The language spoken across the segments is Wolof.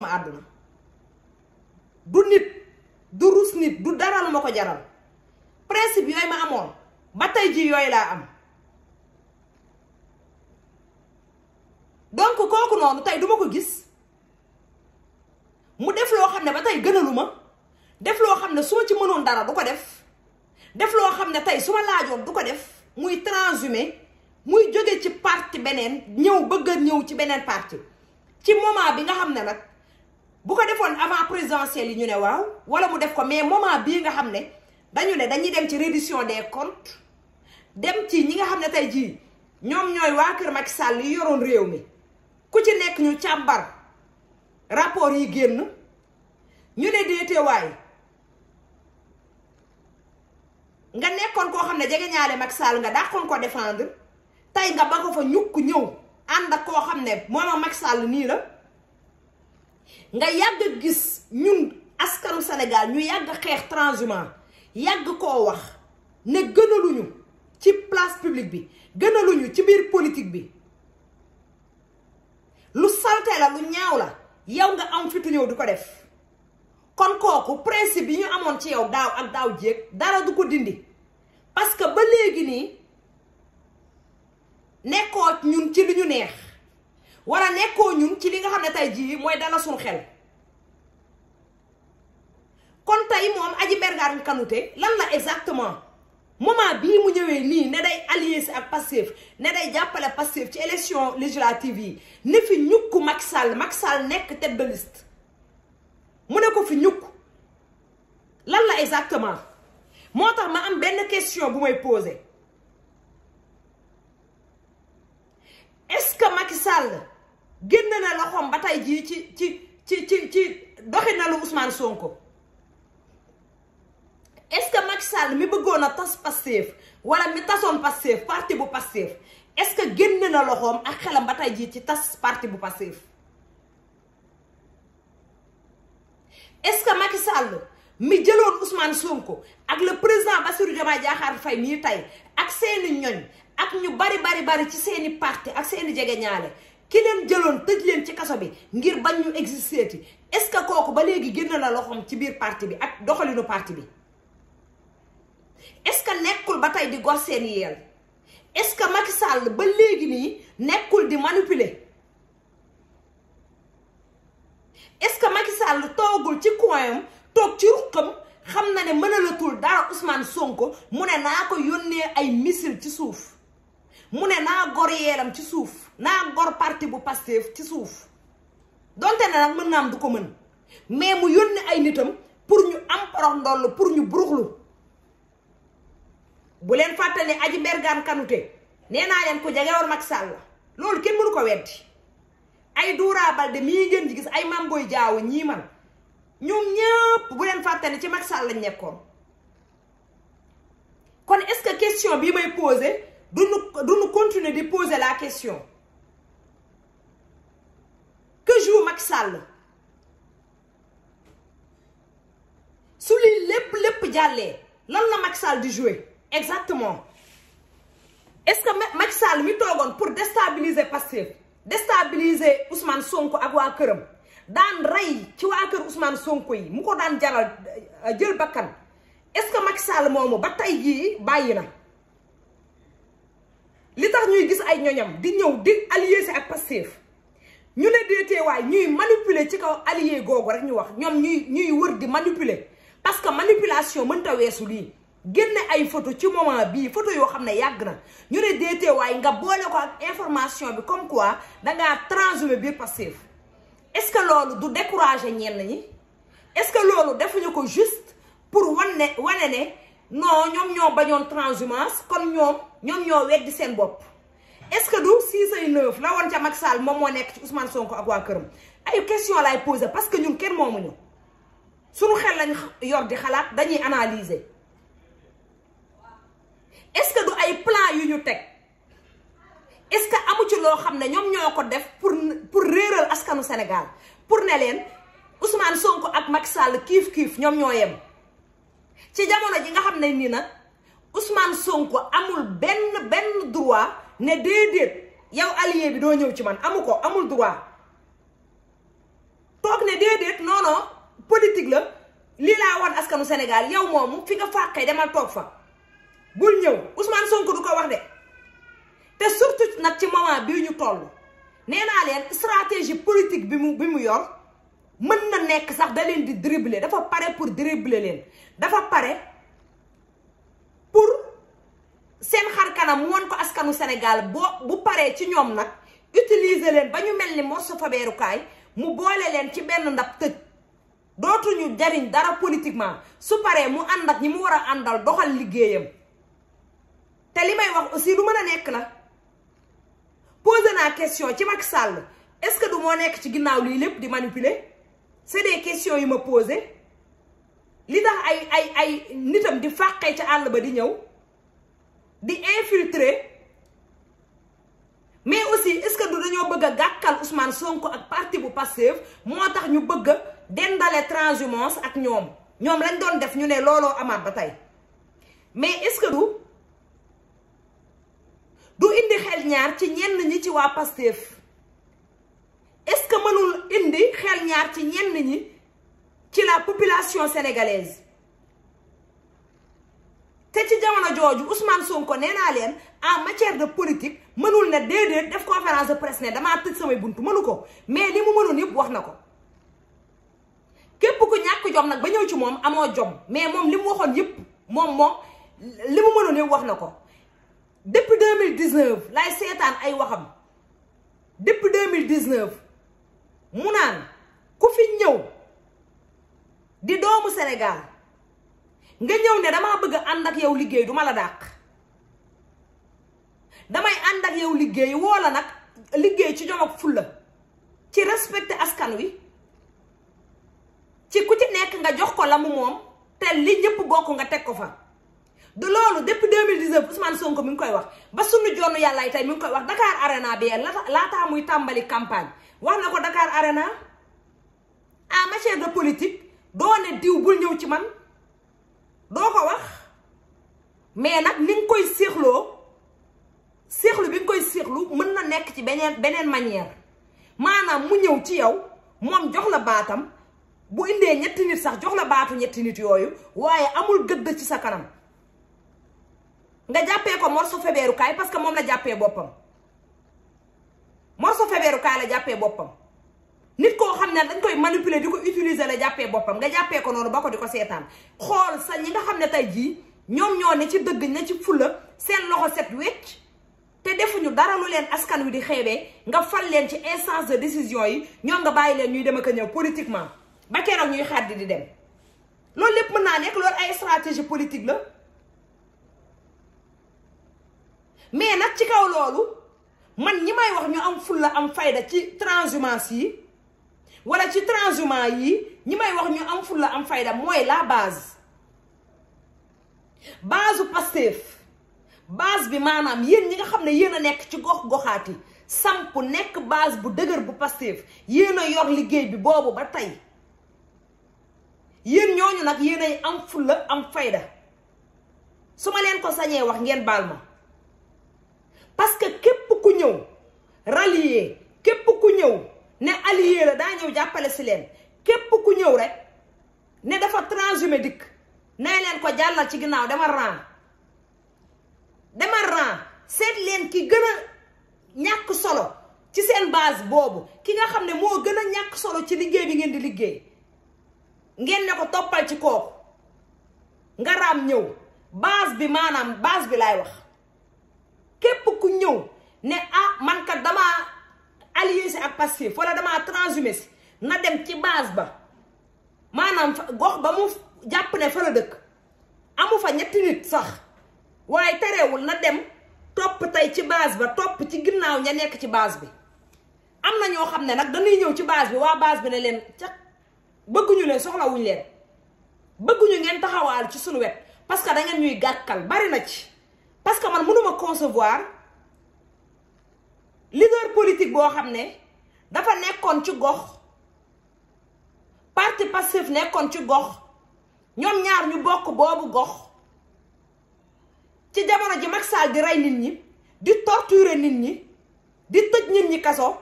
ma àdduna du nit du nit du dara lu ma ko jaral principe yooyu ma amoon ba tey ji yooyu laa am donc kooku noonu tey duma ko gis mu def loo xam ne ba tey gënalu ma def loo xam ne su ma ci mënoon dara du ko def def loo xam ne tey su ma laajoon du ko def muy transhumé muy jóge ci parti beneen ñëw ba gën ñëw ci beneen parti ci moment bi nga xam ne nag bu ko defoon avant présidentielle yi ñu ne waaw wala mu def ko mais a bii nga xam ne dañu ne dañuy dem ci reddition des comptes dem ci ñi nga xam ne tey jii ñoom ñooy waa kër Macky Sall yi yoroon réew mi ku ci nekk ñu càmbar rapport yi génn ñu ne déetewaay nga nekkoon koo xam ne jege ñaale mag sàll nga dàqoon ko défendre tey nga ba ko fa ñukk ñëw ànd ak koo xam ne moom a sàll nii la nga yàgg a gis ñun askanu Sénégal ñu yàgg xeex transhumant yàgg koo wax ne gënaluñu ci place publique bi gënaluñu ci biir politique bi lu salte la lu ñaaw la yow nga am fitu ñëw du ko def kon kooku principe yi ñu amoon ci yow daaw ak daaw jéeg dara du ko dindi parce que ba léegi nii nekkoo ñun ci li ñu neex war a nekkoo ñun ci li nga xam ne tey jii mooy dala suñu xel kon tey moom Aji Bergane Kanouté lan la exactement moment bii mu ñëwee nii ne day allié si ak Pastef ne day jàppale Pastef ci élection législative yi ne fi ñukk Macky Sall mag Sall nekk tête de mu ne ko fi ñukk lan la exactement moo tax ma am benn question bu may poser est-ce que Macky Sall génn na loxoom ba tey jii ci ci ci ci ci doxinalu Ousmane Sonko est-ce que Macky mi bëggoon a tas Pastef wala mi tasoon Pastef parti bu Pastef est-ce que génn na loxoom ak xelam ba tey jii ci tas parti bu Pastef est-ce que mi jëloon Ousmane Sonko ak le président Bassirou Diomaye Diakhar Faye mii tey ak seeni ñoñ ak ñu bari bari bari ci seeni parti ak seeni jegeñaale ki leen jëloon tëj leen ci kaso bi ngir bañ ñu existeeti est-ce que kooku ba léegi génn na loxoom ci biir parti bi ak doxalinu parti bi est-ce que nekkul ba tey di gor seen yeel est-ce que Macky Sall ba léegi nii nekkul di manipuler est-ce que Macky Sall toogul ci coinam toog ci ruqam xam na ne mënalatul dara Ousmane Sonko mu ne naa ko yónnee ay missile ci suuf mu ne naa gor yeelam ci suuf naa gor parti bu Pastef ci suuf donte ne nag mën naa am du ko mën mais mu yónnee ay nitam pour ñu am porox ndoll pour ñu buruxlu bu leen fàttali aji bergaan kanute nee naa leen ko jegewoon Macky Sall loolu kenn mënu ko weddi ay Doura Baldé mii ngeen di gis ay Mame Boye Diao ñii man ñoom ñëpp bu leen fàttali ci Macky Sall lañ nekkoon kon est-ce que question bii may poser duñu duñu continuer di poser la question que joue Macky Sall su lii lépp lépp jàllee lan la Macky Sall di jouer exactement est-ce que Macky Sall mi toogoon pour déstabiliser Pastef déstabiliser Ousmane Sonko ak waa këram daan rey ci waa kër Ousmane Sonko yi mu ko daan jaral jël bakkan est-ce que Macky Sall moomu ba tey jii bàyyi na li tax ñuy gis ay ñoñam di ñëw di allié si ak Pastef ñu ne déetee waay ñuy manipuler ci kaw allié googu rek ñu wax ñoom ñuy ñuy wër di manipuler parce que manipulation mënta weesu lii génne ay photo ci moment bii photo yoo xam ne yàgg na ñu ne déetee waay nga boole ko ak information bi comme quoi dangaa transhumé biir Pastef est-ce que loolu du décourager ñenn ñi est-ce que loolu defuñu ko juste pour wane wane ne non ñoom ñoo bañoon transhumance kon ñoom ñoom ñoo weddi seen bopp est-ce que du 6 ay 9 la woon ca Macky Sall moom moo nekk ci Ousmane Sonko ak waa këram ay question lay poser parce que ñun kenn moomuñu suñu xel lañ yor di xalaat dañuy analyser est-ce que du ay plan yu ñu teg est-ce que amu ci loo xam ne ñoom ñoo ko def pour pour réeral askanu Sénégal pour ne leen Ousmane Sonko ak Macky Sall kiif kiif ñoom ñoo yem. ci jamono ji nga xam ne nii na Ousmane Sonko amul benn benn droit ne déedéet yow allié bi doo ñëw ci man amu ko amul droit toog ne déedéet non non politique la lii laa wan askanu Sénégal yow moomu fi nga fàqee demal toog fa bul ñëw Ousmane Sonko du ko wax de te surtout nag ci moment bii ñu toll nee naa leen stratégie politique bi mu bi mu yor mën na nekk sax da leen di dribbler dafa pare pour dribbler leen dafa pare pour seen xar kanam mu won ko askanu Sénégal boo bu paree ci ñoom nag utiliser leen ba ñu mel ni morso fabeerukaay mu boole leen ci benn ndab tëj ñu jariñ dara politiquement su paree mu ànd ak ñi mu war a àndal doxal liggéeyam te li may wax aussi lu mën a nekk la posé naa question ci mag sàll est-ce que du moo nekk ci ginnaaw lii lépp di manipuler c'est des questions yu ma posé li tax ay ay ay nitam di fàqee ca àll ba di ñëw di infiltrer mais aussi est-ce que du dañoo bëgg a gàkkal Ousmane Sonko ak parti bu Pastef moo tax ñu bëgg a dendale transhumance ak ñoom ñoom lañ doon def ñu ne looloo amaat ba tey mais est-ce que du indi xel ñaar ci ñenn ñi ci waa Pastef est-ce que mënul indi xel ñaar ci ñenn ñi. ci la population sénégalaise te ci jamono jooju Ousmane Sonko nee naa leen en matière de politique mënul ne déedéet def conférence de presse ne damaa tëj samay buntu mënu ko mais li mu mënoon yëpp wax na ko képp ku ñàkk jom nag ba ñëw ci moom amoo jom mais moom li mu waxoon yëpp moom moom li mu mënoon yëpp wax na ko depuis 2019 lay seetaan ay waxam mille depuis 2019 mu naan ku fi ñëw. di doomu Sénégal nga ñëw ne damaa bëgg ànd ak yow liggéey du ma la dàq damay ànd ak yow liggéey woo la nag liggéey ci jom ful fulla ci respecté askan wi ci ku ci nekk nga jox ko la mu moom te li ñëpp bokk nga teg ko fa de loolu depuis 2019 Ousmane Sonko mi ngi koy wax ba sunu joonu yàllaay tey mi ngi koy wax Dakar Arena bi laataa muy tàmbali campagne wax na ko Dakar Arena en ah, matière de politique doo ne diw bul ñëw ci man doo ko wax mais nag ni nga koy séexloo séexlu bi nga koy séexlu mën na nekk ci beneen beneen manière maanaam mu ñëw ci yow moom jox la baatam bu indee ñetti nit sax jox la baatu ñetti nit yooyu waaye amul gëdd ci sa kanam nga jàppee ko morso febeerukaay parce que moom la jàppee boppam morso febeerukaay la jàppee boppam xam dañ koy manipuler di ko utiliser la jàppee boppam nga jàppee ko noonu ba ko di ko seetaan xool sa ñi nga xam ne tey jii ñoom ñoo ne ci dëgg na ci fula seen loxo set wecc te defuñu dara lu leen askan wi di xeebee nga fal leen ci instance de décision yi ñoom nga bàyyi leen ñuy dem ak a ñëw politiquement ba keroog ñuy xaddi di dem loolu lépp mën naa nekk loolu ay stratégie politique la mais nag ci kaw loolu man ñi may wax ñu am fulla am fayda ci transhumance yi wala ci transhumance yi ñi may wax ñu am fulla am fayda mooy la base base u Pastef base bi maanaam yéen ñi nga xam ne yéen a nekk ci gox goxaati samp nekk base bu dëgër bu Pastef yéen a yor liggéey bi boobu ba tey yéen ñooñu nag yéen ay am fulla am fayda su ma leen ko sañee wax ngeen baal ma parce que képp ku ñëw rallier képp ku ñëw ne allié la daa ñëw jàppale si leen képp ku ñëw rek ne dafa transhumé dikk nay leen ko jàllal ci ginnaaw dama ran dama leen ki gën a ñàkk solo ci seen base boobu ki nga xam ne moo gën a ñàkk solo ci liggéey bi ngeen di liggéey ngeen ne ko toppal ci kooku nga raam ñëw base bi maanaam base bi laay wax képp ku ñëw ne ah man kat damaa allié si ak Pastef wala damaa transhumé si na dem ci base ba maanaam gox ba mu jàpp ne fa la dëkk amu fa ñetti nit sax waaye terewul na dem topp tey ci base ba topp ci ginnaaw ña nekk ci base bi am na ñoo xam ne nag dañuy ñëw ci base bi waa base bi ne leen ca bëgguñu leen soxlawuñ leen bëgguñu ngeen taxawaal ci suñu wet parce que da ngeen ñuy gàkkal bari na ci parce que man mënuma concevoir leader politique boo xam ne dafa nekkoon ci gox parti Pastef nekkoon ci gox ñoom ñaar ñu bokk boobu gox ci jamono ji Macky Sall di rey nit ñi di torturer nit ñi di tëj nit ñi kaso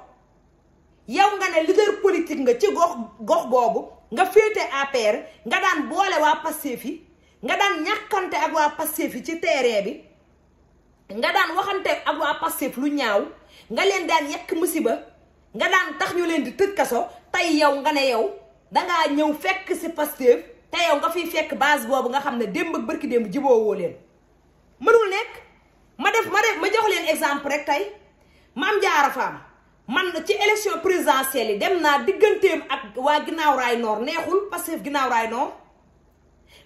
yow nga ne leader politique nga ci gox gox boobu nga féete APR nga daan boole waa Pastef yi nga daan ñàkkante ak waa Pastef yi ci terrain bi nga daan waxante ak waa Pastef lu ñaaw nga leen daan yekk musiba nga daan tax ñu leen di tëj kaso tey yow nga ne yow dangaa ñëw fekk si Pastef te yow nga fiy fekk base boobu nga xam ne démb ak bërki démb jiboowoo leen mënul nekk ma def ma def ma jox leen exemple rek tey Mame Diarra Fam man ci élection présidentielle yi dem naa digganteem ak waa ginnaaw raay noor neexul Pastef ginnaaw raay noor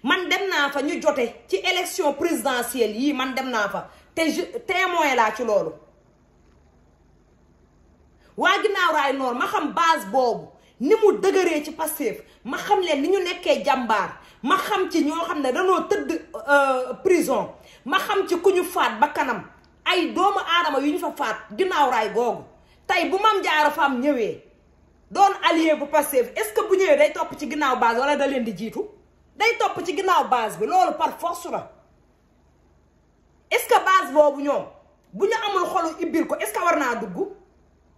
man dem naa fa ñu jote ci élection présidentielle yii man dem naa fa te je témoin laa ci loolu waa ginnaaw raay noor ma xam base boobu ni mu dëgëree ci Pastef ma xam leen ni ñu nekkee jàmbaar ma xam ci ñoo xam ne danoo tëdd euh, prison ma xam ci ku ñu faat ba kanam ay doomu aadama yu ñu fa faat ginnaaw raay googu tey bu am mam jaara faam ñëwee doon allié bu Pastef est-ce que bu ñëwee day topp ci ginnaaw base wala da leen di jiitu day topp ci ginnaaw base bi loolu par force la est-ce que base boobu ñoom bu ñu amul xolu ibbil ko est-ce que war naa dugg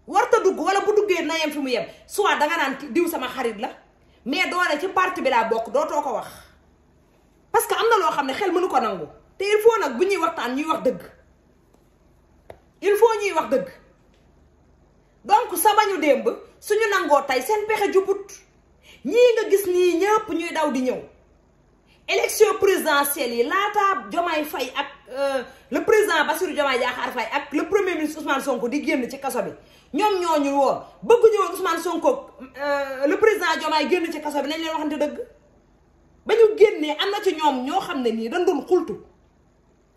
warta dugg wala bu duggee na yem fi mu yem soit danga naan diw sama xarit la mais doone ci parti bi laa bokk doo too ko wax parce que am na loo xam ne xel mënu ko nangu te il faut nag bu ñuy waxtaan ñuy wax dëgg il faut ñuy wax dëgg donc sa bañu démb suñu nangoo tey seen pexe jubut ñii nga gis nii ñàpp ñuy daw di ñëw élection présidentielle yi laataa Diomaye Faye ak euh, le président Bassirou Diomaye Diakhar Faye ak le premier ministre Ousmane Sonko di génn ci kaso bi ñoom ñoo ñu woon bëgg ñëwoon Ousmane Sonko euh, le président Diomaye génn ci kaso bi lañ leen waxante dëgg ba ñu génnee am na ci ñoom ñoo xam ne nii dañ doon xultu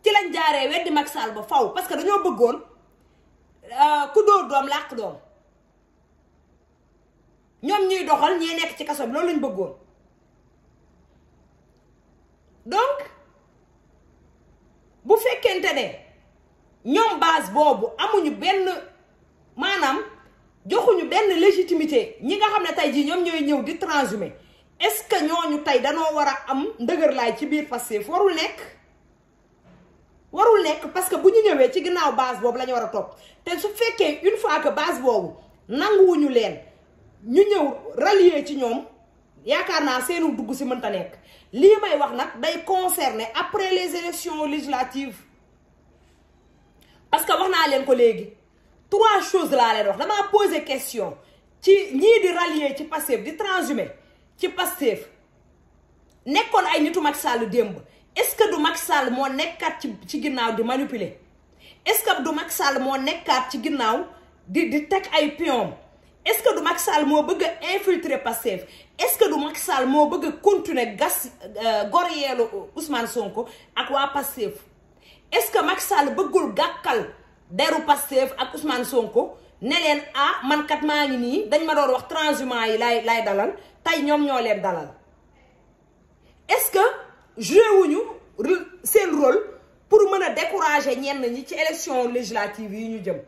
ci lañ jaaree weddi Macky Sall ba faw parce que dañoo bëggoon euh, ku dóor doom làq doom ñoom ñuy doxal ñee nekk ci kaso bi loolu lañ bëggoon bu fekkente ne ñoom base boobu amuñu benn maanaam joxuñu benn légitimité ñi nga xam ne tey jii ñoom ñooy ñëw di transhumer est-ce que ñu tey danoo war a am ndëgër laay ci biir Pastef warul nekk warul nekk parce que bu ñu ñëwee ci ginnaaw base boobu la ñu war a topp te su fekkee une fois que base boobu nanguwuñu leen ñu ñëw rallier ci ñoom yaakaar naa seenu dugg si mënta nekk lii may wax nag day concerner après les élections législatives parce que wax naa leen ko léegi trois choses laa leen wax damaa poser question ci ñii di rallier ci Pastef di transhumer ci Pastef nekkoon ay nitu Macky Sall démb est-ce que du Macky Sall moo nekkaat ci ci ginnaaw di manipuler est-ce que du Macky Sall moo nekkaat ci ginnaaw di di teg ay pion est-ce que du Macky moo bëgg a infiltrer Pastef est-ce que du Macky moo bëgg a continuer gas euh, gor yeelu Ousmane Sonko ak waa Pastef est-ce que Macky Sall bëggul gàkkal deru Pastef ak Ousmane Sonko ne leen ah man maa ngi nii dañ ma doon wax transhumant yi laay laay dalal tey ñoom ñoo leen dalal est-ce que joué wuñu seen rôle pour mën a décourager ñenn ñi ci élection législative yi ñu jëm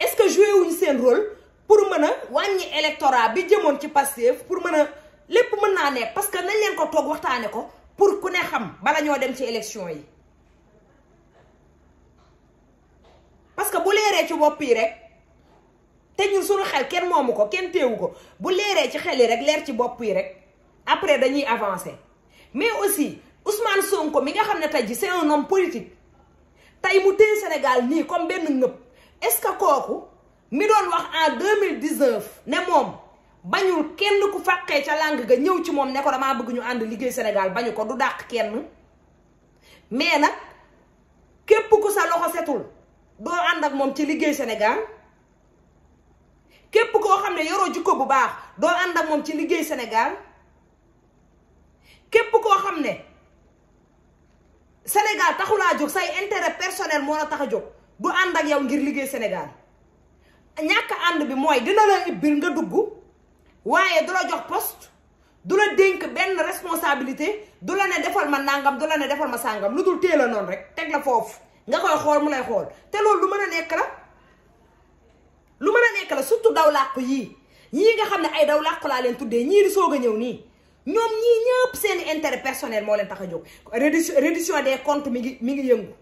est-ce que joué wuñu seen rôle. pour mën a wàññi électorat bi jëmoon ci Pastef pour mën a lépp mën naa ne parce que nañ leen ko toog waxtaane ko pour ku ne xam bala ñoo dem ci élection yi parce que bu leeree ci bopp yi rek te ñun suñu xel kenn moomu ko kenn téewu ko bu leeree ci xel yi rek leer ci bopp yi rek après dañuy avancé mais aussi Ousmane Sonko mi nga xam ne tey ji c'est un homme politique tey mu téye Sénégal nii comme benn ngëb est-ce que kooku mi doon wax en deux mille dix neuf ne moom bañul kenn ku fàqee ca langue ga ñëw ci moom ne ko damaa bëgg ñu ànd liggéey senegal bañu ko du dàq kenn mais nag képp ku sa loxo setul moom ci liggéey Sénégal képp koo xam ne yoroo jikko bu baax doo ànd ak moom ci liggéey Sénégal képp koo xam ne Sénégal taxulaa jóg say intérêt personnel moo la tax a jóg du ànd ak yow ngir liggéey senegal ñàkk ànd bi mooy dina la ubbil nga dugg waaye du la jox poste du la dénk benn responsabilité du la ne defal ma nàngam du la ne defal ma sàngam lu dul teel a noonu rek teg la foofu nga koy xool mu lay xool te loolu lu mën a nekk la lu mën a nekk la surtout daw làqu yii ñii nga xam ne ay daw làqu laa leen tuddee ñii li soog a ñëw nii ñoom ñii ñëpp seen intérêt personnel moo leen tax a jóg reddition des comptes mi ngi mi ngi yëngu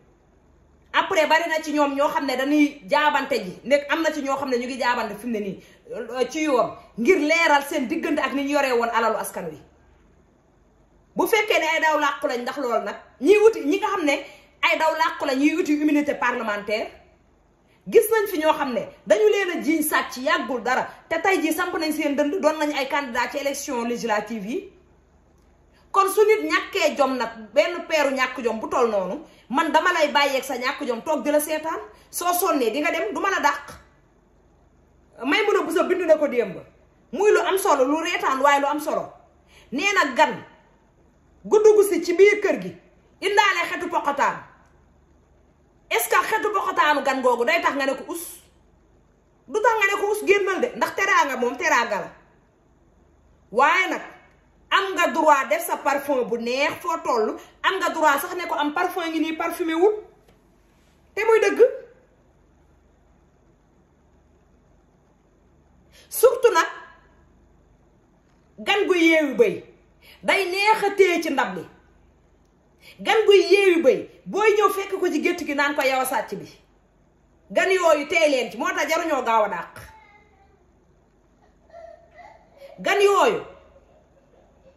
après bari na ci ñoom ñoo xam ne dañuy jaabante ji nekk am na ci ñoo xam ne ñu ngi jaabante fi mu ne nii euh, ci yoon ngir leeral seen diggante ak ni ñu yoree woon alalu askan wi bu fekkee ne ay daw làqu lañ ndax loolu nag ñiy wuti ñi nga xam ne ay daw làqu lañ ñuy wuti immunité parlementaire gis nañ fi ñoo xam ne dañu leen a jiiñ sàcc yàggul dara te tey jii samp nañ seen dënd doon nañ ay candidat ci élection législative yi kon su nit ñàkkee jom nag benn peeru ñàkk jom bu toll noonu man dama lay bàyyeeg sa ñàkk jom toog di la seetaan soo sonnee di nga dem du ma la dàq may mun a busa bind na ko démb muy lu am solo lu reetaan waaye lu am solo nee na gan gu dugg si ci biir kër gi indaale xetu poqotaan est-ce que xetu poqotaanu gan googu day tax nga ne ko us du tax nga ne ko us génnal de ndax teraanga moom teraanga la waaye nag am nga droit def sa parfum bu neex foo toll am nga droit sax ne ko am parfum ngi nii parfumé wul te muy dëgg surtout nag gan gu yeewi bëy day neex a téye ci ndab li gan guy yeewi bëy booy ñëw fekk ko ci gétt gi naan ko yow a sàcc bi gan yooyu tey leen ci moo tax jaruñoo gaaw a dàq gan yooyu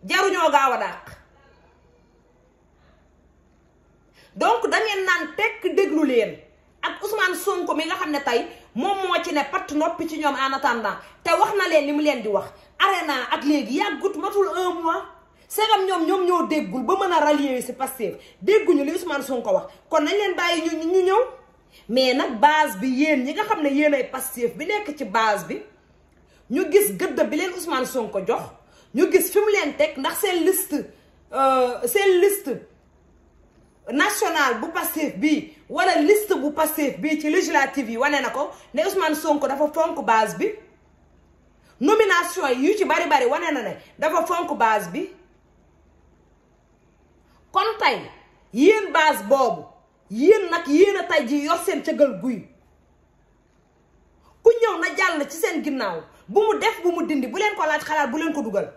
jaruñoo gaaw a dàq donc da ngeen naan tekk déglu leen ak Ousmane Sonko mi nga xam ne tey moom moo ci ne patt noppi ci ñoom en attendant te wax na leen li mu leen di wax arena ak léegi yàggut matul un mois segam ñoom ñoom ñoo déggul ba mën a rallier si Pastef dégguñu li Ousmane ko wax kon nañ leen bàyyi ñu ñu ñëw mais nag base bi yéen ñi nga xam ne yéen ay Pastef bi nekk ci base bi ñu gis gëdd bi leen Ousmane Sonko jox ñu gis fi mu leen teg ndax seen liste euh, seen liste national bu Pastef bii wala liste bu Pastef bii ci législative yi wane na ko ne Ousmane Sonko dafa fonk base bi nomination yu ci bari bari wane na ne dafa fonk base bi kon tey yéen base boobu yéen nag yeen a tey ji yor seen cëgal guy ku ñëw na jàll ci seen ginnaaw bu mu def bu mu dindi bu leen ko laaj xalaat bu leen ko dugal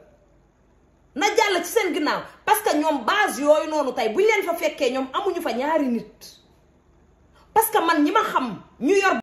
na jàll ci seen ginnaaw parce que ñoom base yooyu noonu tey bu leen fa fekkee ñoom amuñu fa ñaari nit parce que man ñi ma xam ñu yor